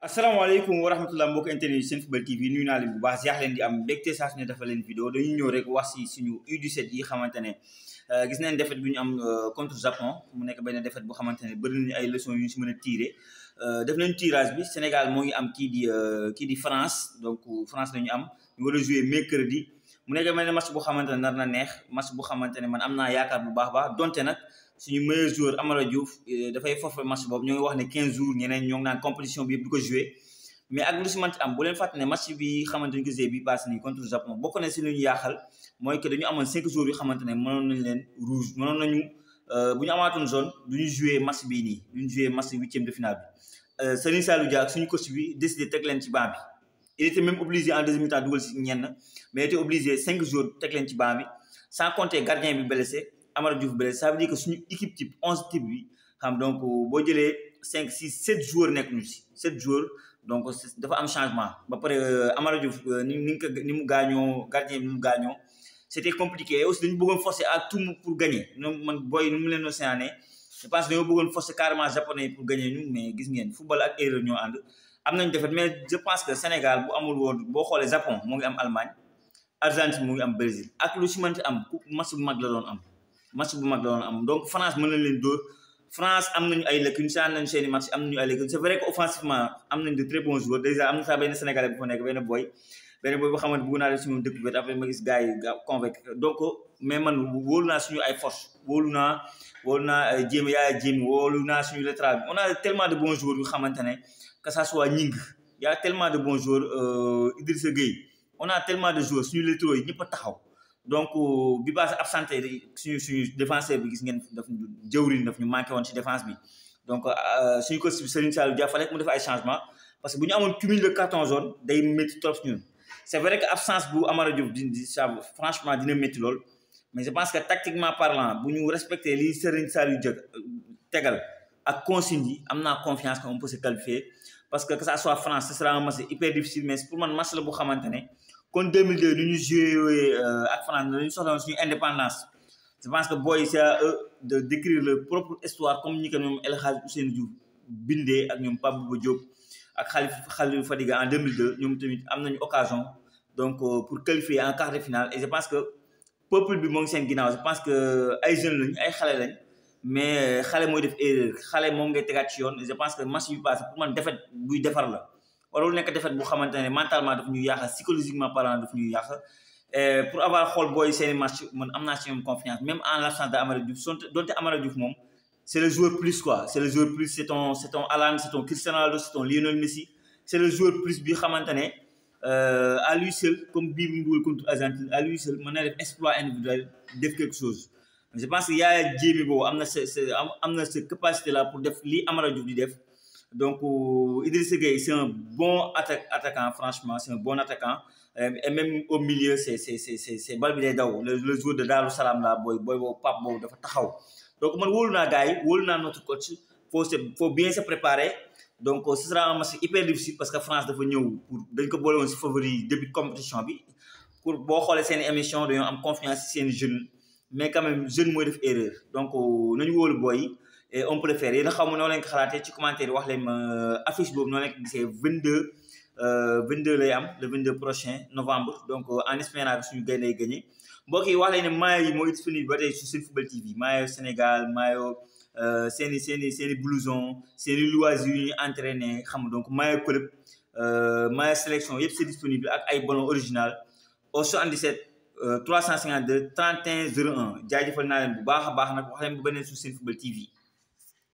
asalaamaaleykum wa rahmatulah mbokk internet seen football TV nuyu naa leen bu baax yaax leen di am mbégte saa su ne dafa leen vidéo dañuy ñëw rek wax si suñu U17 yi xamante ne euh, gis nañ défaite bu ñu am euh, contre Japon mu nekk ba ne défaite bu xamante ne bëri nañu ay leçons yu ñu si mën a tiré euh, def nañ tirage bi Sénégal moo ngi am kii di kii di France donc France la ñu am ñu war a jouer mercredi mu nekk benn match bu xamante ne nar na neex match bu xamante ne man am naa yaakaar bu baax baax donte nag. suñu meilleur joueur Amara Diouf euh, da fay forfait match boobu ñoo ngi wax ne 15 jours ñeneen ñoo naan compétition bi yëpp du ko joué mais ak lu man ci am bu len fàtte match bi xamante ñu ko joué bi passé ni contre Japon bokk na ci lu ñu yaaxal moy que dañu amone 5 jours yu xamante mënon mënoon nañ leen rouge mënon nañu euh, bu ñu amaatoon zone duñu jouer match bi ni duñu jouer match 8e de finale bi euh, Serigne Saliou Dia ak suñu coach bi décidé tek len ci banc bi il était même obligé en deuxième mi-temps dugal ci ñenn mais était obligé 5 jours tek len ci banc bi sans compter gardien bi blessé Amara Diouf ça veut dire que c'est une équipe type, 11 type, 8, Donc, si on a 5, 6, 7 joueurs, nek, 7 joueurs, donc c'est un changement. Après, euh, Amara Diouf, nous gagnons, le gardien gagnons. C'était compliqué. aussi, nous voulons forcer à tout pour gagner. Nous, man, boy, nous voulons Je pense que nous forcer carrément les Japonais pour gagner mais vous voyez, le football est erreur. Nous avons une défaite, mais je pense que le Sénégal, on regarde le Japon, l'Allemagne, l'Argentine, il le Brésil. Et le Chimane, il y a le Massimo match bu mag la woon am donc France mën nañ leen door France am nañu ay lacunes saan nañ seen i match am nañu ay lacunes c'est vrai que offensivement am nañ de très bons joueurs déjà am na sax benn Sénégalais bu fa nekk benn boy benn boy boo xamante bëgg naa def si moom découverte après ma gis gars yi convainc donc mais man wóolu naa suñu ay force wóolu naa wóolu naa jéem euh, yaaya jéem wóolu naa suñu latéral bi on a tellement de bons joueurs yu xamante ne que ça soit Nying y a tellement de bons joueurs euh, Idrissa Gueye on a tellement de joueurs suñu latéraux yi ñëpp a taxaw donc euh, bi base absenté suñu suñu défenseur bi gis ngeen daf ñu jëwriñ daf ñu manqué ci défense bi donc euh, suñu bi Serigne Saliou Dia mu def ay changement parce que bu ñu amoon cumul de carton jaune day metti trop ñun c'est vrai que absence bu Amara Diouf di franchement dina metti lool mais je pense que tactiquement parlant bu ñu respecté li Serigne Saliou Dia euh, tégal ak consigne yi am naa confiance que on peut se qualifier parce que que ça soit France ce sera un match hyper difficile mais pour man match la bu xamante kon 2002 nous ñu joué euh, ak France nous soxla suñu indépendance je pense que boy c'est à eux de décrire leur propre histoire comme ñi ko ñoom El Hadj Ousseynou Diouf bindee ak ñom Pape Bouba Diop ak Khalifa Khalifa Fadiga en 2002 ñom tamit eu nañu occasion donc euh, pour qualifier en quart de finale et je pense que peuple bi mo ngi seen guinée. je pense que euh, ay jeunes lañ ay xalé lañ mais xalé moy def erreur xalé moom ngay ci je pense que match bi passé pour man défaite buy defar la warul nekk defet bu xamante ne mentalement daf ñuy psychologiquement parlant daf ñuy eh, pour avoir xol boy seen un match man amna ci confiance même en l'absence de Amara Diouf sont donte Amara Diouf c'est le joueur plus quoi c'est le joueur plus c'est ton c'est ton Alan c'est ton Cristiano Ronaldo c'est ton Lionel Messi c'est le joueur plus bi xamante euh à lui seul comme bii bi contre Argentine à lui seul mën na def exploit individuel def quelque chose je pense qu'il y a boobu on a, sa amna cette capacité là pour def li Amara Diouf di def donc, euh, Idriss Gueye, c'est un bon attaquant, franchement, c'est un bon attaquant. Euh, et même au milieu, c'est le, joueur de Dalou Salam, boy, boy, pap, de Donc, notre coach, il faut, bien se préparer. Donc, euh, ce sera un match hyper difficile parce que France est venue pour, favori début de compétition. Pour, émission, de, confiance, c'est une jeunes. Mais quand même, erreur. Donc, nous, nous, boy, et on préfère le faire yéen a xaw ma noo leen ko xalaatee ci commentaire wax leen ma euh, affiche boobu noo leen ko gisee 22 22 euh, lay am le 22 prochain novembre donc euh, en espérant que suñu gaynde gagné mbokk yi wax leen ne maillot yi mooy disponible ba tey sur seen football TV maillot Sénégal maillot seen i seen i seen i blouson seen i loisir yu ñuy entraîné xam donc maillot club maillot sélection yëpp c'est disponible ak ay ballon original au 77 352 31 01 jaajëfal naa leen bu baax a baax nag wax leen ba beneen sur football TV.